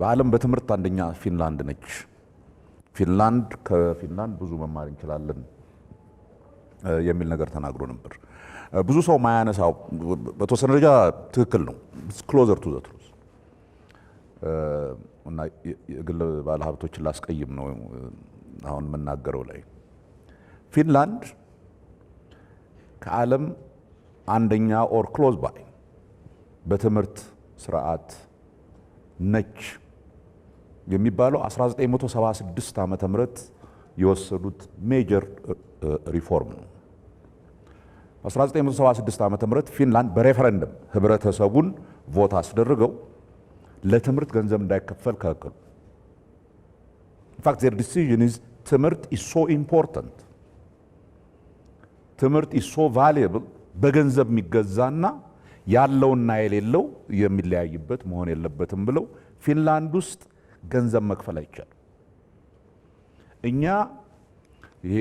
በዓለም በትምህርት አንደኛ ፊንላንድ ነች። ፊንላንድ ከፊንላንድ ብዙ መማር እንችላለን የሚል ነገር ተናግሮ ነበር። ብዙ ሰው ማያነሳው በተወሰነ ደረጃ ትክክል ነው። ክሎዘር ቱ ዘ ትሩዝ እና የግል ባለሀብቶችን ላስቀይም ነው አሁን የምናገረው ላይ ፊንላንድ ከዓለም አንደኛ ኦር ክሎዝ ባይ በትምህርት ስርዓት ነች የሚባለው 1976 ዓ ም የወሰዱት ሜጀር ሪፎርም ነው በ1976 ዓ ም ፊንላንድ በሬፈረንደም ህብረተሰቡን ቮት አስደርገው ለትምህርት ገንዘብ እንዳይከፈል ከለከሉ። ኢንፋክት ዜር ዲሲዥን ኢዝ ትምህርት ኢዝ ሶ ኢምፖርታንት ትምህርት ኢዝ ሶ ቫልየብል በገንዘብ የሚገዛና ያለውና የሌለው የሚለያይበት መሆን የለበትም ብለው ፊንላንድ ውስጥ ገንዘብ መክፈል አይቻልም። እኛ ይሄ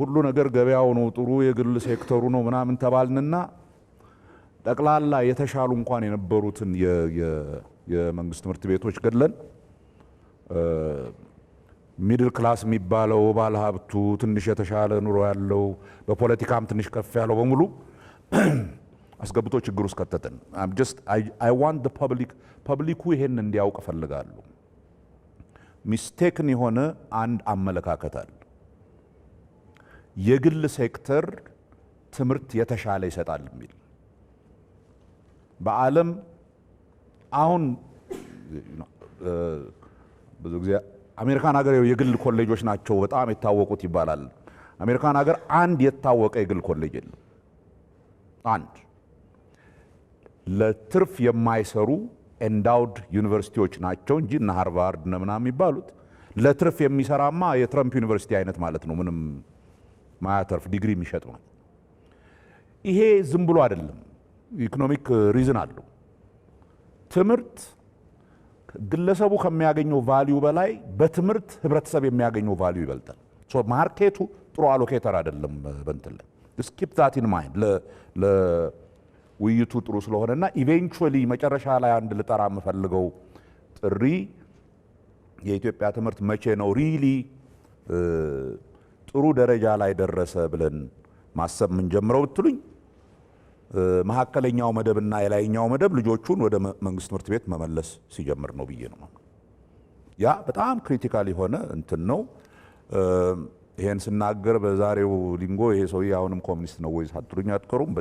ሁሉ ነገር ገበያው ነው ጥሩ የግል ሴክተሩ ነው ምናምን ተባልንና ጠቅላላ የተሻሉ እንኳን የነበሩትን የመንግስት ትምህርት ቤቶች ገለን ሚድል ክላስ የሚባለው ባለ ሀብቱ ትንሽ የተሻለ ኑሮ ያለው በፖለቲካም ትንሽ ከፍ ያለው በሙሉ አስገብቶ ችግር ውስጥ ከተትን። አይ ዋንት ፐብሊክ ፐብሊኩ ይሄን እንዲያውቅ እፈልጋለሁ። ሚስቴክን የሆነ አንድ አመለካከት አለ። የግል ሴክተር ትምህርት የተሻለ ይሰጣል የሚል በዓለም አሁን ብዙ ጊዜ አሜሪካን ሀገር የግል ኮሌጆች ናቸው በጣም የታወቁት ይባላል። አሜሪካን ሀገር አንድ የታወቀ የግል ኮሌጅ የለም። አንድ ለትርፍ የማይሰሩ ኤንዳውድ ዩኒቨርሲቲዎች ናቸው እንጂ እነ ሃርቫርድ እነ የሚባሉት ለትርፍ የሚሰራማ የትረምፕ ዩኒቨርሲቲ አይነት ማለት ነው። ምንም ማያተርፍ ዲግሪ የሚሸጥ ማለት ይሄ ዝም ብሎ አይደለም። ኢኮኖሚክ ሪዝን አለው። ትምህርት ግለሰቡ ከሚያገኘው ቫሊዩ በላይ በትምህርት ህብረተሰብ የሚያገኘው ቫሊዩ ይበልጣል። ሶ ማርኬቱ ጥሩ አሎኬተር አይደለም። በንትለን ስኪፕ ዛት ኢን ማይንድ ውይይቱ ጥሩ ስለሆነና ኢቬንቹዋሊ መጨረሻ ላይ አንድ ልጠራ የምፈልገው ጥሪ የኢትዮጵያ ትምህርት መቼ ነው ሪሊ ጥሩ ደረጃ ላይ ደረሰ ብለን ማሰብ የምንጀምረው ብትሉኝ መካከለኛው መደብና የላይኛው መደብ ልጆቹን ወደ መንግስት ትምህርት ቤት መመለስ ሲጀምር ነው ብዬ ነው። ያ በጣም ክሪቲካል የሆነ እንትን ነው። ይሄን ስናገር በዛሬው ሊንጎ ይሄ ሰውዬ አሁንም ኮሚኒስት ነው ወይ ሳትሉኝ አትቀሩም።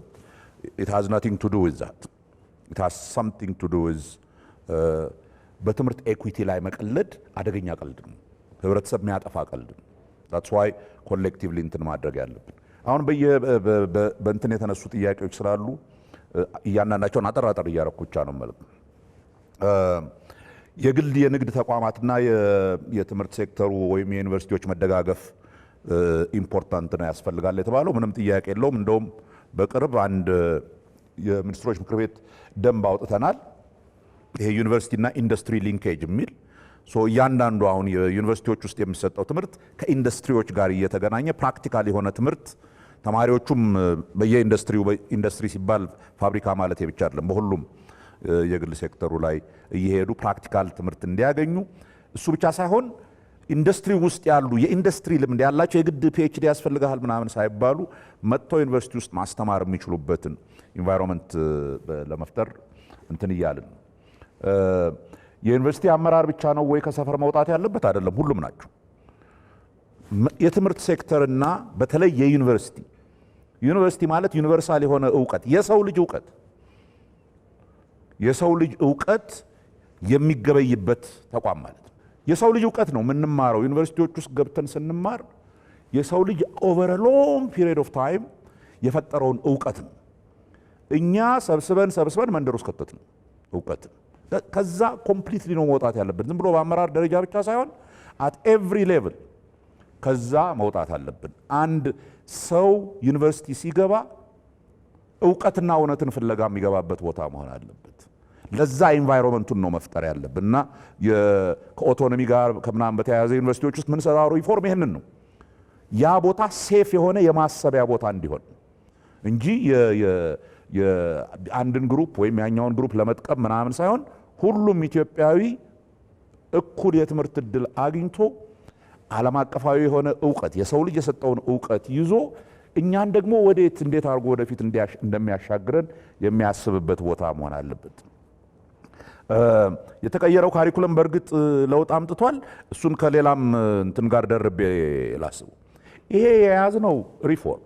ኢት ሃዝ ናቲንግ ቱ ዱ ዊዝ ዛት ኢት ሃዝ ሳምቲንግ ቱ ዱ ዊዝ በትምህርት ኤኩቲ ላይ መቀለድ አደገኛ ቀልድ ነው። ህብረተሰብ የሚያጠፋ ቀልድ ነው። ዛትስ ዋይ ኮሌክቲቭሊ እንትን ማድረግ ያለብን አሁን በየ በእንትን የተነሱ ጥያቄዎች ስላሉ እያንዳንዳቸውን አጠራጠር እያረኩ ብቻ ነው መልክ የግል የንግድ ተቋማትና የትምህርት ሴክተሩ ወይም የዩኒቨርሲቲዎች መደጋገፍ ኢምፖርታንት ነው ያስፈልጋል የተባለው ምንም ጥያቄ የለውም። እንደውም በቅርብ አንድ የሚኒስትሮች ምክር ቤት ደንብ አውጥተናል። ይሄ ዩኒቨርሲቲና ኢንዱስትሪ ሊንኬጅ የሚል እያንዳንዱ አሁን የዩኒቨርሲቲዎች ውስጥ የሚሰጠው ትምህርት ከኢንዱስትሪዎች ጋር እየተገናኘ ፕራክቲካል የሆነ ትምህርት ተማሪዎቹም በየኢንዱስትሪው ኢንዱስትሪ ሲባል ፋብሪካ ማለት ብቻ አይደለም፣ በሁሉም የግል ሴክተሩ ላይ እየሄዱ ፕራክቲካል ትምህርት እንዲያገኙ እሱ ብቻ ሳይሆን ኢንዱስትሪ ውስጥ ያሉ የኢንዱስትሪ ልምድ ያላቸው የግድ ፒኤችዲ ያስፈልግሃል ምናምን ሳይባሉ መጥተው ዩኒቨርሲቲ ውስጥ ማስተማር የሚችሉበትን ኢንቫይሮንመንት ለመፍጠር እንትን እያልን የዩኒቨርሲቲ አመራር ብቻ ነው ወይ ከሰፈር መውጣት ያለበት? አይደለም፣ ሁሉም ናቸው። የትምህርት ሴክተርና በተለይ የዩኒቨርሲቲ ዩኒቨርሲቲ ማለት ዩኒቨርሳል የሆነ እውቀት የሰው ልጅ እውቀት የሰው ልጅ እውቀት የሚገበይበት ተቋም ማለት ነው። የሰው ልጅ እውቀት ነው የምንማረው። ዩኒቨርሲቲዎች ውስጥ ገብተን ስንማር የሰው ልጅ ኦቨር ሎንግ ፒሪድ ኦፍ ታይም የፈጠረውን እውቀት ነው። እኛ ሰብስበን ሰብስበን መንደር ውስጥ ከተት ነው እውቀት። ከዛ ኮምፕሊትሊ ነው መውጣት ያለብን። ዝም ብሎ በአመራር ደረጃ ብቻ ሳይሆን አት ኤቭሪ ሌቭል ከዛ መውጣት አለብን። አንድ ሰው ዩኒቨርሲቲ ሲገባ እውቀትና እውነትን ፍለጋ የሚገባበት ቦታ መሆን አለበት። ለዛ ኢንቫይሮንመንቱን ነው መፍጠር ያለብን እና ከኦቶኖሚ ጋር ከምናምን በተያያዘ ዩኒቨርሲቲዎች ውስጥ ምንሰራሩ ሪፎርም ይህንን ነው። ያ ቦታ ሴፍ የሆነ የማሰቢያ ቦታ እንዲሆን እንጂ አንድን ግሩፕ ወይም ያኛውን ግሩፕ ለመጥቀም ምናምን ሳይሆን ሁሉም ኢትዮጵያዊ እኩል የትምህርት እድል አግኝቶ ዓለም አቀፋዊ የሆነ እውቀት የሰው ልጅ የሰጠውን እውቀት ይዞ እኛን ደግሞ ወዴት እንዴት አድርጎ ወደፊት እንደሚያሻግረን የሚያስብበት ቦታ መሆን አለበት። የተቀየረው ካሪኩለም በእርግጥ ለውጥ አምጥቷል። እሱን ከሌላም እንትን ጋር ደርቤ ላስቡ። ይሄ የያዝነው ሪፎርም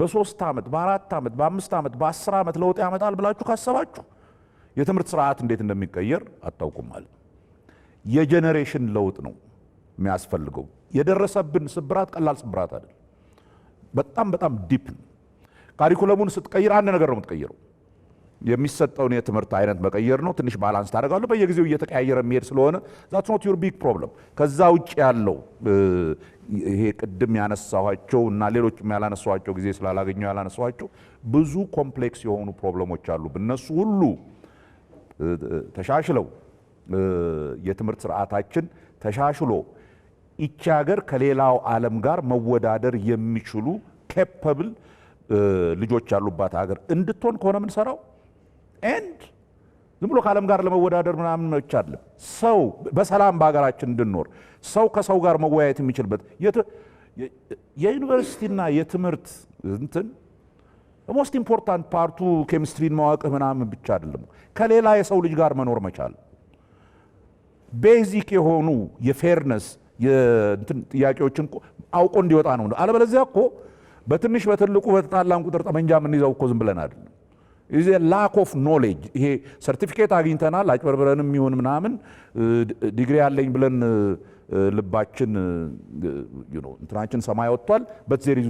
በሶስት ዓመት በአራት ዓመት በአምስት ዓመት በአስር ዓመት ለውጥ ያመጣል ብላችሁ ካሰባችሁ የትምህርት ስርዓት እንዴት እንደሚቀየር አታውቁም ማለት ነው። የጄኔሬሽን ለውጥ ነው የሚያስፈልገው። የደረሰብን ስብራት ቀላል ስብራት አይደለም። በጣም በጣም ዲፕ ነው። ካሪኩለሙን ስትቀይር አንድ ነገር ነው የምትቀይረው የሚሰጠውን የትምህርት አይነት መቀየር ነው። ትንሽ ባላንስ ታደርጋለሁ። በየጊዜው እየተቀያየረ የሚሄድ ስለሆነ ዛትስ ኖት ዩር ቢግ ፕሮብለም። ከዛ ውጭ ያለው ይሄ ቅድም ያነሳኋቸው እና ሌሎችም ያላነሳኋቸው ጊዜ ስላላገኘው ያላነሳኋቸው ብዙ ኮምፕሌክስ የሆኑ ፕሮብለሞች አሉ። እነሱ ሁሉ ተሻሽለው የትምህርት ስርዓታችን ተሻሽሎ ይቺ ሀገር ከሌላው ዓለም ጋር መወዳደር የሚችሉ ኬፐብል ልጆች ያሉባት ሀገር እንድትሆን ከሆነ ምንሰራው ኤንድ ዝም ብሎ ከዓለም ጋር ለመወዳደር ምናምን መች ሰው በሰላም በሀገራችን እንድንኖር ሰው ከሰው ጋር መወያየት የሚችልበት የዩኒቨርሲቲና የትምህርት እንትን ሞስት ኢምፖርታንት ፓርቱ ኬሚስትሪን ማወቅህ ምናምን ብቻ አይደለም። ከሌላ የሰው ልጅ ጋር መኖር መቻል ቤዚክ የሆኑ የፌርነስ ጥያቄዎችን አውቆ እንዲወጣ ነው። አለበለዚያ እኮ በትንሽ በትልቁ በተጣላን ቁጥር ጠመንጃ የምንይዘው እኮ ዝም ብለን አይደለም። ላክ ኦፍ ኖሌጅ ይሄ ሰርቲፊኬት አግኝተናል አጭበርብረንም ይሁን ምናምን ዲግሪ ያለኝ ብለን ልባችን እንትናችን ሰማይ ወጥቷል። በት ዜሪዝ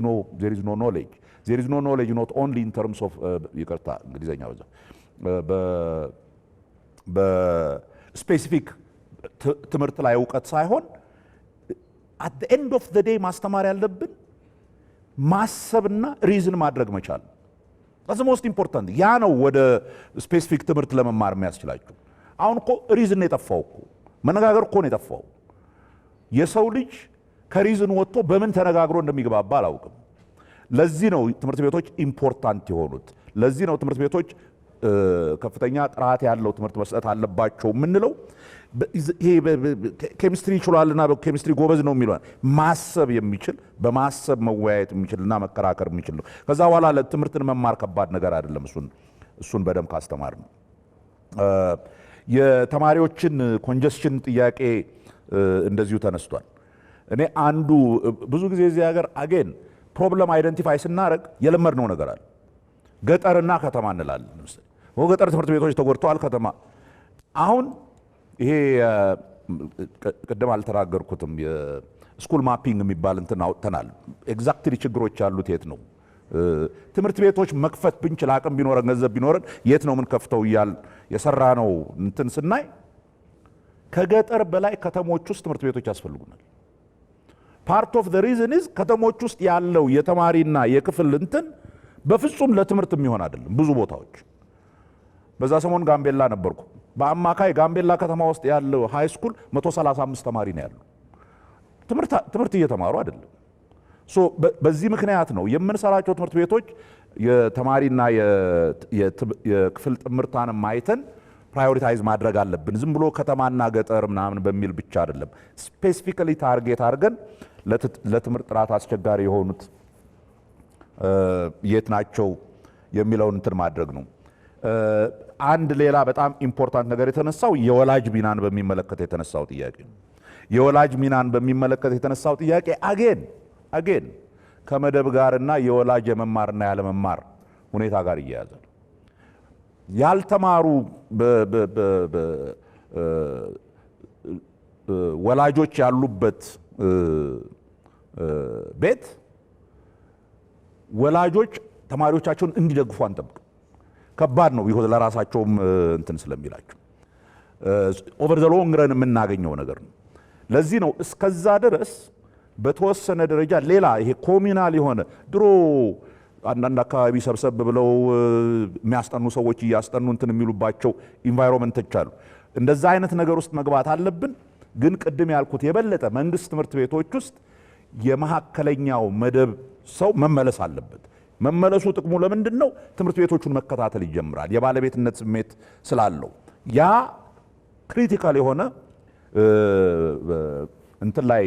ኖ ኖሌጅ ዜሪዝ ኖ ኖሌጅ ኖት ኦንሊ ኢን ተርምስ ኦፍ ይቅርታ እንግሊዝኛ በዛ በስፔሲፊክ ትምህርት ላይ እውቀት ሳይሆን አት ኤንድ ኦፍ ዘ ዴይ ማስተማር ያለብን ማሰብና ሪዝን ማድረግ መቻል ሞስት ኢምፖርታንት ያ ነው። ወደ ስፔሲፊክ ትምህርት ለመማር የሚያስችላቸው አሁን እኮ ሪዝን ነው የጠፋው እኮ መነጋገር እኮ ነው የጠፋው። የሰው ልጅ ከሪዝን ወጥቶ በምን ተነጋግሮ እንደሚግባባ አላውቅም። ለዚህ ነው ትምህርት ቤቶች ኢምፖርታንት የሆኑት። ለዚህ ነው ትምህርት ቤቶች ከፍተኛ ጥራት ያለው ትምህርት መስጠት አለባቸው የምንለው ኬሚስትሪ ይችላልና ኬሚስትሪ ጎበዝ ነው የሚለ ማሰብ የሚችል በማሰብ መወያየት የሚችልና መከራከር የሚችል ነው። ከዛ በኋላ ትምህርትን መማር ከባድ ነገር አይደለም። እሱን በደንብ ካስተማር ነው። የተማሪዎችን ኮንጀስሽን ጥያቄ እንደዚሁ ተነስቷል። እኔ አንዱ ብዙ ጊዜ እዚህ ሀገር አጌን ፕሮብለም አይደንቲፋይ ስናደርግ የለመድነው ነገር አለ። ገጠርና ከተማ እንላለን። ገጠር ትምህርት ቤቶች ተጎድተዋል። ከተማ አሁን ይሄ ቅድም አልተናገርኩትም። ስኩል ማፒንግ የሚባል እንትን አውጥተናል። ኤግዛክትሊ ችግሮች ያሉት የት ነው ትምህርት ቤቶች መክፈት ብንችል አቅም ቢኖረን ገንዘብ ቢኖረን የት ነው ምን ከፍተው እያል የሰራ ነው እንትን ስናይ ከገጠር በላይ ከተሞች ውስጥ ትምህርት ቤቶች ያስፈልጉናል። ፓርት ኦፍ ሪዝን ኢዝ ከተሞች ውስጥ ያለው የተማሪና የክፍል እንትን በፍጹም ለትምህርት የሚሆን አይደለም ብዙ ቦታዎች በዛ ሰሞን ጋምቤላ ነበርኩ። በአማካይ ጋምቤላ ከተማ ውስጥ ያለው ሃይ ስኩል 135 ተማሪ ነው ያለው። ትምህርት እየተማሩ አይደለም። በዚህ ምክንያት ነው የምንሰራቸው ትምህርት ቤቶች የተማሪና የክፍል ጥምርታን ማየትን ፕራዮሪታይዝ ማድረግ አለብን። ዝም ብሎ ከተማና ገጠር ምናምን በሚል ብቻ አይደለም። ስፔሲፊካሊ ታርጌት አድርገን ለትምህርት ጥራት አስቸጋሪ የሆኑት የት ናቸው የሚለውን እንትን ማድረግ ነው። አንድ ሌላ በጣም ኢምፖርታንት ነገር የተነሳው የወላጅ ሚናን በሚመለከት የተነሳው ጥያቄ የወላጅ ሚናን በሚመለከት የተነሳው ጥያቄ አጌን አጌን ከመደብ ጋርና የወላጅ የመማርና ያለመማር ሁኔታ ጋር እያያዘ ነው። ያልተማሩ ወላጆች ያሉበት ቤት ወላጆች ተማሪዎቻቸውን እንዲደግፉ አንጠብቅ። ከባድ ነው ይሆን ለራሳቸውም እንትን ስለሚላቸው ኦቨር ዘ ሎንግ ረን የምናገኘው ነገር ነው። ለዚህ ነው እስከዛ ድረስ በተወሰነ ደረጃ ሌላ ይሄ ኮሚናል የሆነ ድሮ አንዳንድ አካባቢ ሰብሰብ ብለው የሚያስጠኑ ሰዎች እያስጠኑ እንትን የሚሉባቸው ኢንቫይሮንመንቶች አሉ። እንደዛ አይነት ነገር ውስጥ መግባት አለብን። ግን ቅድም ያልኩት የበለጠ መንግስት ትምህርት ቤቶች ውስጥ የመካከለኛው መደብ ሰው መመለስ አለበት። መመለሱ ጥቅሙ ለምንድን ነው? ትምህርት ቤቶቹን መከታተል ይጀምራል። የባለቤትነት ስሜት ስላለው ያ ክሪቲካል የሆነ እንትን ላይ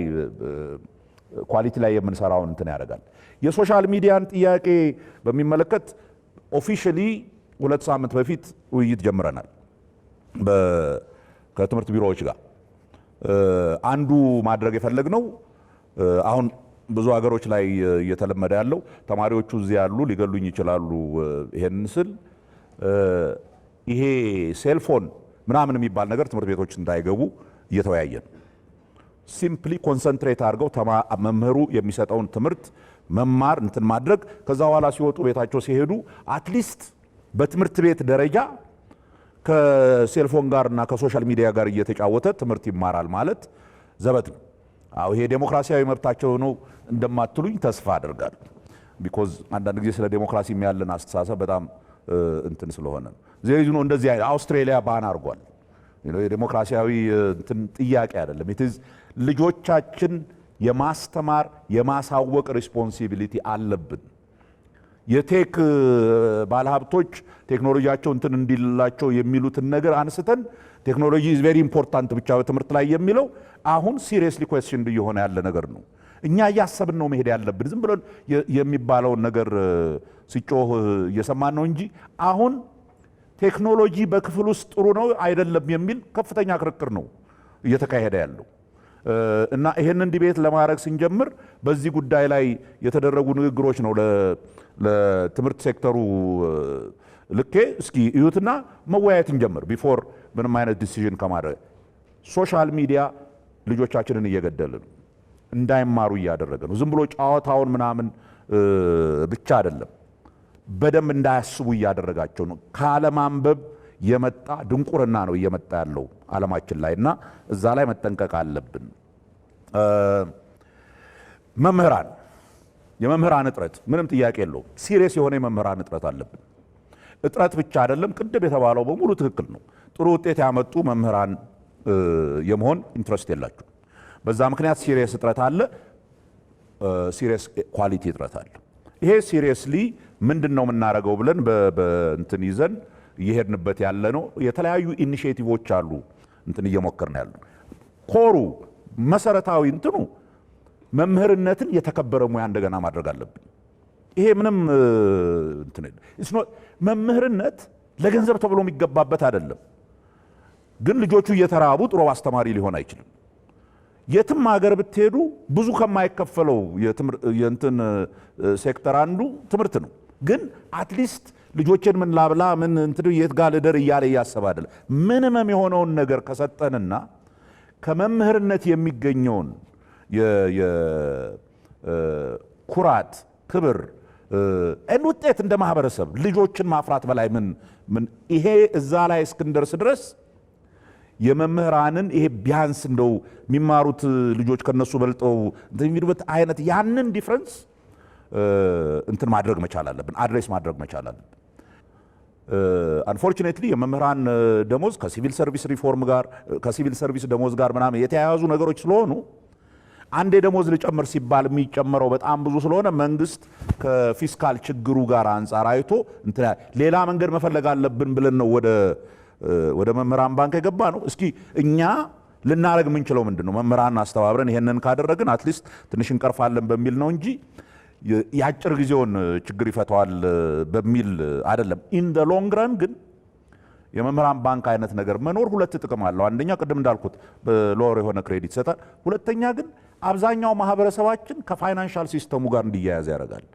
ኳሊቲ ላይ የምንሰራውን እንትን ያደርጋል። የሶሻል ሚዲያን ጥያቄ በሚመለከት ኦፊሻሊ ሁለት ሳምንት በፊት ውይይት ጀምረናል ከትምህርት ቢሮዎች ጋር አንዱ ማድረግ የፈለግነው አሁን ብዙ ሀገሮች ላይ እየተለመደ ያለው ተማሪዎቹ እዚህ ያሉ ሊገሉኝ ይችላሉ፣ ይሄን ስል ይሄ ሴልፎን ምናምን የሚባል ነገር ትምህርት ቤቶች እንዳይገቡ እየተወያየን ሲምፕሊ ኮንሰንትሬት አድርገው መምህሩ የሚሰጠውን ትምህርት መማር እንትን ማድረግ ከዛ በኋላ ሲወጡ ቤታቸው ሲሄዱ አትሊስት በትምህርት ቤት ደረጃ ከሴልፎን ጋር እና ከሶሻል ሚዲያ ጋር እየተጫወተ ትምህርት ይማራል ማለት ዘበት ነው። አዎ ይሄ ዴሞክራሲያዊ መብታቸው ነው እንደማትሉኝ ተስፋ አድርጋለሁ። ቢኮዝ አንዳንድ ጊዜ ስለ ዴሞክራሲ የሚያለን አስተሳሰብ በጣም እንትን ስለሆነ ዜሪዝ ነው እንደዚህ አይነት አውስትሬሊያ ባን አድርጓል። የዴሞክራሲያዊ እንትን ጥያቄ አይደለም። ኢትዝ ልጆቻችን የማስተማር የማሳወቅ ሪስፖንሲቢሊቲ አለብን። የቴክ ባለሀብቶች ቴክኖሎጂያቸው እንትን እንዲላቸው የሚሉትን ነገር አንስተን ቴክኖሎጂ ኢዝ ቬሪ ኢምፖርታንት ብቻ በትምህርት ላይ የሚለው አሁን ሲሪየስሊ ኮስችን እየሆነ ያለ ነገር ነው። እኛ እያሰብን ነው መሄድ ያለብን። ዝም ብሎ የሚባለውን ነገር ሲጮህ እየሰማን ነው እንጂ አሁን ቴክኖሎጂ በክፍል ውስጥ ጥሩ ነው አይደለም የሚል ከፍተኛ ክርክር ነው እየተካሄደ ያለው እና ይህንን ዲቤት ለማድረግ ስንጀምር በዚህ ጉዳይ ላይ የተደረጉ ንግግሮች ነው ለትምህርት ሴክተሩ ልኬ እስኪ እዩትና መወያየት እንጀምር ቢፎር ምንም አይነት ዲሲዥን ከማድረግ ሶሻል ሚዲያ ልጆቻችንን እየገደል ነው፣ እንዳይማሩ እያደረገ ነው። ዝም ብሎ ጨዋታውን ምናምን ብቻ አይደለም፣ በደንብ እንዳያስቡ እያደረጋቸው ነው። ካለማንበብ የመጣ ድንቁርና ነው እየመጣ ያለው አለማችን ላይ እና እዛ ላይ መጠንቀቅ አለብን። መምህራን የመምህራን እጥረት ምንም ጥያቄ የለውም። ሲሪየስ የሆነ የመምህራን እጥረት አለብን። እጥረት ብቻ አይደለም፣ ቅድም የተባለው በሙሉ ትክክል ነው። ጥሩ ውጤት ያመጡ መምህራን የመሆን ኢንትረስት የላችሁ። በዛ ምክንያት ሲሪየስ እጥረት አለ፣ ሲሪየስ ኳሊቲ እጥረት አለ። ይሄ ሲሪየስሊ ምንድን ነው የምናደርገው ብለን በእንትን ይዘን እየሄድንበት ያለ ነው። የተለያዩ ኢኒሽቲቮች አሉ እንትን እየሞከርን ያሉ ኮሩ መሰረታዊ እንትኑ መምህርነትን የተከበረ ሙያ እንደገና ማድረግ አለብን። ይሄ ምንም መምህርነት ለገንዘብ ተብሎ የሚገባበት አይደለም። ግን ልጆቹ እየተራቡ ጥሩ አስተማሪ ሊሆን አይችልም። የትም ሀገር ብትሄዱ ብዙ ከማይከፈለው የእንትን ሴክተር አንዱ ትምህርት ነው። ግን አትሊስት ልጆችን ምን ላብላ ምን እንትን የት ጋር ልደር እያለ እያሰብ ምንምም የሆነውን ነገር ከሰጠንና ከመምህርነት የሚገኘውን ኩራት፣ ክብር እንድ ውጤት እንደ ማህበረሰብ ልጆችን ማፍራት በላይ ምን ይሄ እዛ ላይ እስክንደርስ ድረስ የመምህራንን ይሄ ቢያንስ እንደው የሚማሩት ልጆች ከነሱ በልጠው የሚሉበት አይነት ያንን ዲፍረንስ እንትን ማድረግ መቻል አለብን፣ አድሬስ ማድረግ መቻል አለብን። አንፎርቹኔትሊ የመምህራን ደሞዝ ከሲቪል ሰርቪስ ሪፎርም ጋር ከሲቪል ሰርቪስ ደሞዝ ጋር ምናምን የተያያዙ ነገሮች ስለሆኑ አንዴ ደሞዝ ልጨምር ሲባል የሚጨምረው በጣም ብዙ ስለሆነ መንግስት ከፊስካል ችግሩ ጋር አንጻር አይቶ ሌላ መንገድ መፈለግ አለብን ብለን ነው ወደ ወደ መምህራን ባንክ የገባ ነው። እስኪ እኛ ልናደረግ የምንችለው ምንድን ነው? መምህራን አስተባብረን ይሄንን ካደረግን አትሊስት ትንሽ እንቀርፋለን በሚል ነው እንጂ የአጭር ጊዜውን ችግር ይፈተዋል በሚል አይደለም። ኢን ደ ሎንግ ረን ግን የመምህራን ባንክ አይነት ነገር መኖር ሁለት ጥቅም አለው። አንደኛ ቅድም እንዳልኩት በሎወር የሆነ ክሬዲት ይሰጣል። ሁለተኛ ግን አብዛኛው ማህበረሰባችን ከፋይናንሻል ሲስተሙ ጋር እንዲያያዝ ያደርጋል።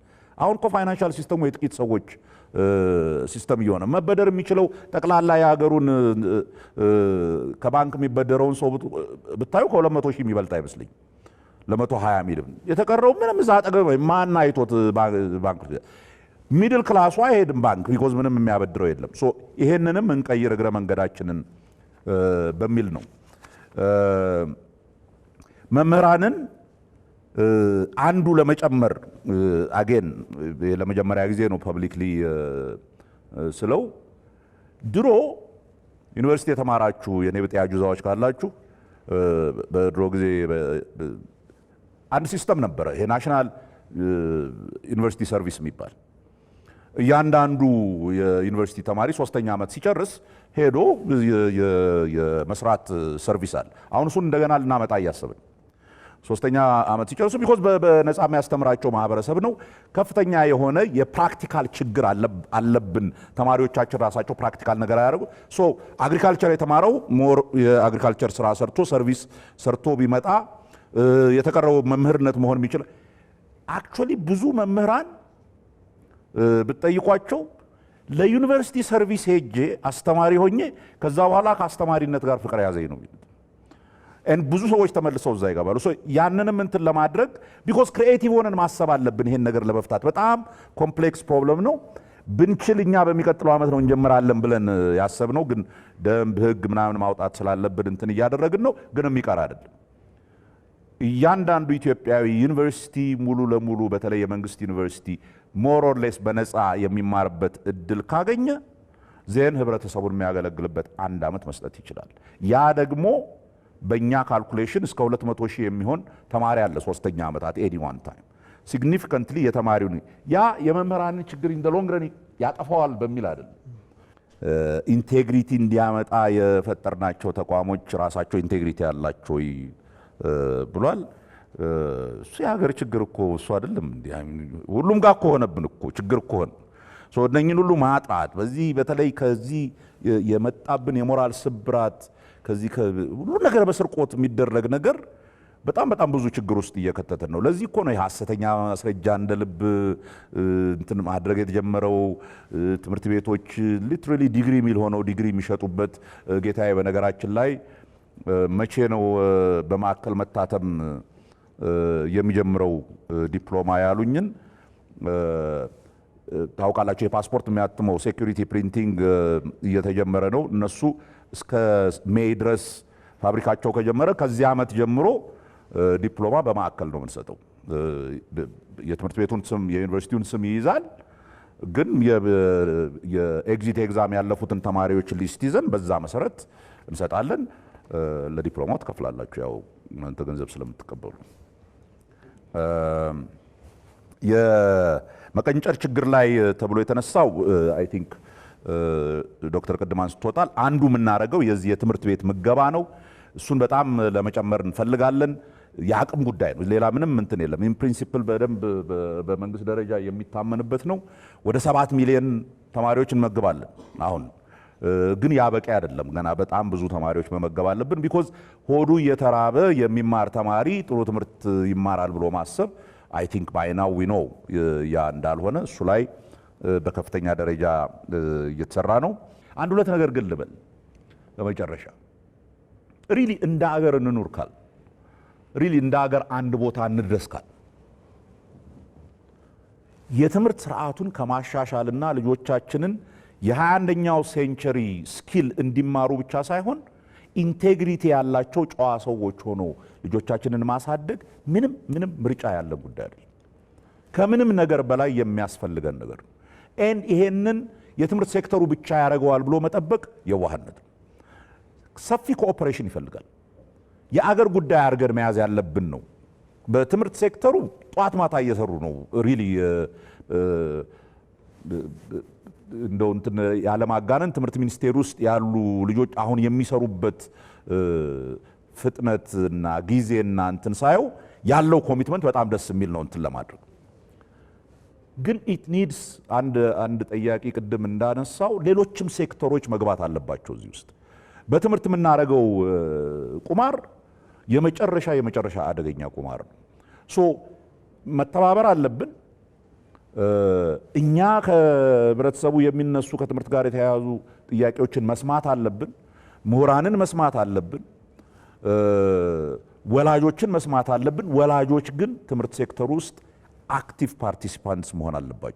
አሁን እኮ ፋይናንሻል ሲስተሙ የጥቂት ሰዎች ሲስተም እየሆነ መበደር የሚችለው ጠቅላላ የሀገሩን ከባንክ የሚበደረውን ሰው ብታዩ ከሁለት መቶ ሺህ የሚበልጥ አይመስልኝ ለ120 ሚል የተቀረው ምንም እዛ አጠገብ ማና አይቶት ባንክ ሚድል ክላሱ አይሄድም ባንክ ቢኮዝ ምንም የሚያበድረው የለም። ይሄንንም እንቀይር እግረ መንገዳችንን በሚል ነው መምህራንን አንዱ ለመጨመር አጌን ለመጀመሪያ ጊዜ ነው ፐብሊክሊ ስለው፣ ድሮ ዩኒቨርሲቲ የተማራችሁ የኔ ብጤ አጁዛዎች ካላችሁ በድሮ ጊዜ አንድ ሲስተም ነበረ። ይሄ ናሽናል ዩኒቨርሲቲ ሰርቪስ የሚባል እያንዳንዱ የዩኒቨርሲቲ ተማሪ ሶስተኛ ዓመት ሲጨርስ ሄዶ የመስራት ሰርቪስ አለ። አሁን እሱን እንደገና ልናመጣ እያሰብን ሶስተኛ ዓመት ሲጨርሱ ቢኮዝ በነፃ የሚያስተምራቸው ማህበረሰብ ነው። ከፍተኛ የሆነ የፕራክቲካል ችግር አለብን። ተማሪዎቻችን ራሳቸው ፕራክቲካል ነገር አያደርጉ። ሶ አግሪካልቸር የተማረው ሞር የአግሪካልቸር ስራ ሰርቶ ሰርቪስ ሰርቶ ቢመጣ የተቀረው መምህርነት መሆን የሚችል አክቹዋሊ ብዙ መምህራን ብትጠይቋቸው ለዩኒቨርሲቲ ሰርቪስ ሄጄ አስተማሪ ሆኜ ከዛ በኋላ ከአስተማሪነት ጋር ፍቅር ያዘኝ ነው። ብዙ ሰዎች ተመልሰው እዛ ይገባሉ። ያንንም እንትን ለማድረግ ቢኮዝ ክሪኤቲቭ ሆነን ማሰብ አለብን። ይሄን ነገር ለመፍታት በጣም ኮምፕሌክስ ፕሮብለም ነው። ብንችል እኛ በሚቀጥለው ዓመት ነው እንጀምራለን ብለን ነው ግን ደንብ ህግ ምናምን ማውጣት ስላለብን እንትን እያደረግን ነው። ግን የሚቀር አይደለም። እያንዳንዱ ኢትዮጵያዊ ዩኒቨርሲቲ ሙሉ ለሙሉ በተለይ የመንግስት ዩኒቨርሲቲ ሞሮሌስ በነፃ የሚማርበት እድል ካገኘ ዜን ህብረተሰቡን የሚያገለግልበት አንድ ዓመት መስጠት ይችላል። ያ ደግሞ በእኛ ካልኩሌሽን እስከ 200 ሺህ የሚሆን ተማሪ አለ። ሶስተኛ ዓመታት ኤኒ ዋን ታይም ሲግኒፊካንትሊ የተማሪውን ያ የመምህራንን ችግር እንደ ሎንግረን ያጠፋዋል በሚል አይደለም። ኢንቴግሪቲ uh, እንዲያመጣ የፈጠርናቸው ተቋሞች ራሳቸው ኢንቴግሪቲ ያላቸው uh, ብሏል። uh, እሱ የሀገር ችግር እኮ እሱ አይደለም። ሁሉም ጋር ከሆነብን እኮ ችግር ከሆነ እነኝን ሁሉ ማጥራት በዚህ በተለይ ከዚህ የመጣብን የሞራል ስብራት ከዚህ ሁሉ ነገር በስርቆት የሚደረግ ነገር በጣም በጣም ብዙ ችግር ውስጥ እየከተተን ነው። ለዚህ እኮ ነው የሐሰተኛ ማስረጃ እንደ ልብ እንትን ማድረግ የተጀመረው። ትምህርት ቤቶች ሊትራሊ ዲግሪ ሚል ሆነው ዲግሪ የሚሸጡበት ጌታዬ፣ በነገራችን ላይ መቼ ነው በማዕከል መታተም የሚጀምረው ዲፕሎማ ያሉኝን ታውቃላቸው የፓስፖርት የሚያትመው ሴኩሪቲ ፕሪንቲንግ እየተጀመረ ነው። እነሱ እስከ ሜይ ድረስ ፋብሪካቸው ከጀመረ ከዚህ ዓመት ጀምሮ ዲፕሎማ በማዕከል ነው የምንሰጠው። የትምህርት ቤቱን ስም የዩኒቨርሲቲውን ስም ይይዛል። ግን የኤግዚት ኤግዛም ያለፉትን ተማሪዎች ሊስት ይዘን በዛ መሰረት እንሰጣለን። ለዲፕሎማው ትከፍላላችሁ፣ ያው እናንተ ገንዘብ ስለምትቀበሉ መቀንጨር ችግር ላይ ተብሎ የተነሳው አይ ቲንክ ዶክተር ቅድም አንስቶታል። አንዱ የምናደርገው የዚህ የትምህርት ቤት ምገባ ነው። እሱን በጣም ለመጨመር እንፈልጋለን። የአቅም ጉዳይ ነው። ሌላ ምንም እንትን የለም። ይህም ፕሪንሲፕል በደንብ በመንግስት ደረጃ የሚታመንበት ነው። ወደ ሰባት ሚሊዮን ተማሪዎች እንመግባለን። አሁን ግን ያ በቂ አይደለም። ገና በጣም ብዙ ተማሪዎች መመገብ አለብን። ቢኮዝ ሆዱ እየተራበ የሚማር ተማሪ ጥሩ ትምህርት ይማራል ብሎ ማሰብ አይ ቲንክ ናው ዊ ኖው ያ እንዳልሆነ እሱ ላይ uh, በከፍተኛ ደረጃ uh, እየተሰራ ነው። አንድ ሁለት ነገር ግን ልበል በመጨረሻ ሪሊ እንደ ሀገር እንኑር ካል ሪሊ እንደ ሀገር አንድ ቦታ እንድረስ ካል የትምህርት ስርዓቱን ከማሻሻልና ልጆቻችንን የ የ21ኛው ሴንቸሪ ስኪል እንዲማሩ ብቻ ሳይሆን ኢንቴግሪቲ ያላቸው ጨዋ ሰዎች ሆኖ ልጆቻችንን ማሳደግ ምንም ምንም ምርጫ ያለን ጉዳይ አይደለም። ከምንም ነገር በላይ የሚያስፈልገን ነገር ነው። ኤን ይሄንን የትምህርት ሴክተሩ ብቻ ያደርገዋል ብሎ መጠበቅ የዋህነት ነው። ሰፊ ኮኦፕሬሽን ይፈልጋል። የአገር ጉዳይ አድርገን መያዝ ያለብን ነው። በትምህርት ሴክተሩ ጠዋት ማታ እየሰሩ ነው ሪሊ እንደው እንትን ያለማጋነን ትምህርት ሚኒስቴር ውስጥ ያሉ ልጆች አሁን የሚሰሩበት ፍጥነትና ጊዜና እንትን ሳየው ያለው ኮሚትመንት በጣም ደስ የሚል ነው እንትን ለማድረግ ግን ኢት ኒድስ አንድ አንድ ጠያቂ ቅድም እንዳነሳው ሌሎችም ሴክተሮች መግባት አለባቸው እዚህ ውስጥ በትምህርት የምናደርገው ቁማር የመጨረሻ የመጨረሻ አደገኛ ቁማር ነው ሶ መተባበር አለብን እኛ ከህብረተሰቡ የሚነሱ ከትምህርት ጋር የተያያዙ ጥያቄዎችን መስማት አለብን። ምሁራንን መስማት አለብን። ወላጆችን መስማት አለብን። ወላጆች ግን ትምህርት ሴክተር ውስጥ አክቲቭ ፓርቲሲፓንትስ መሆን አለባቸው።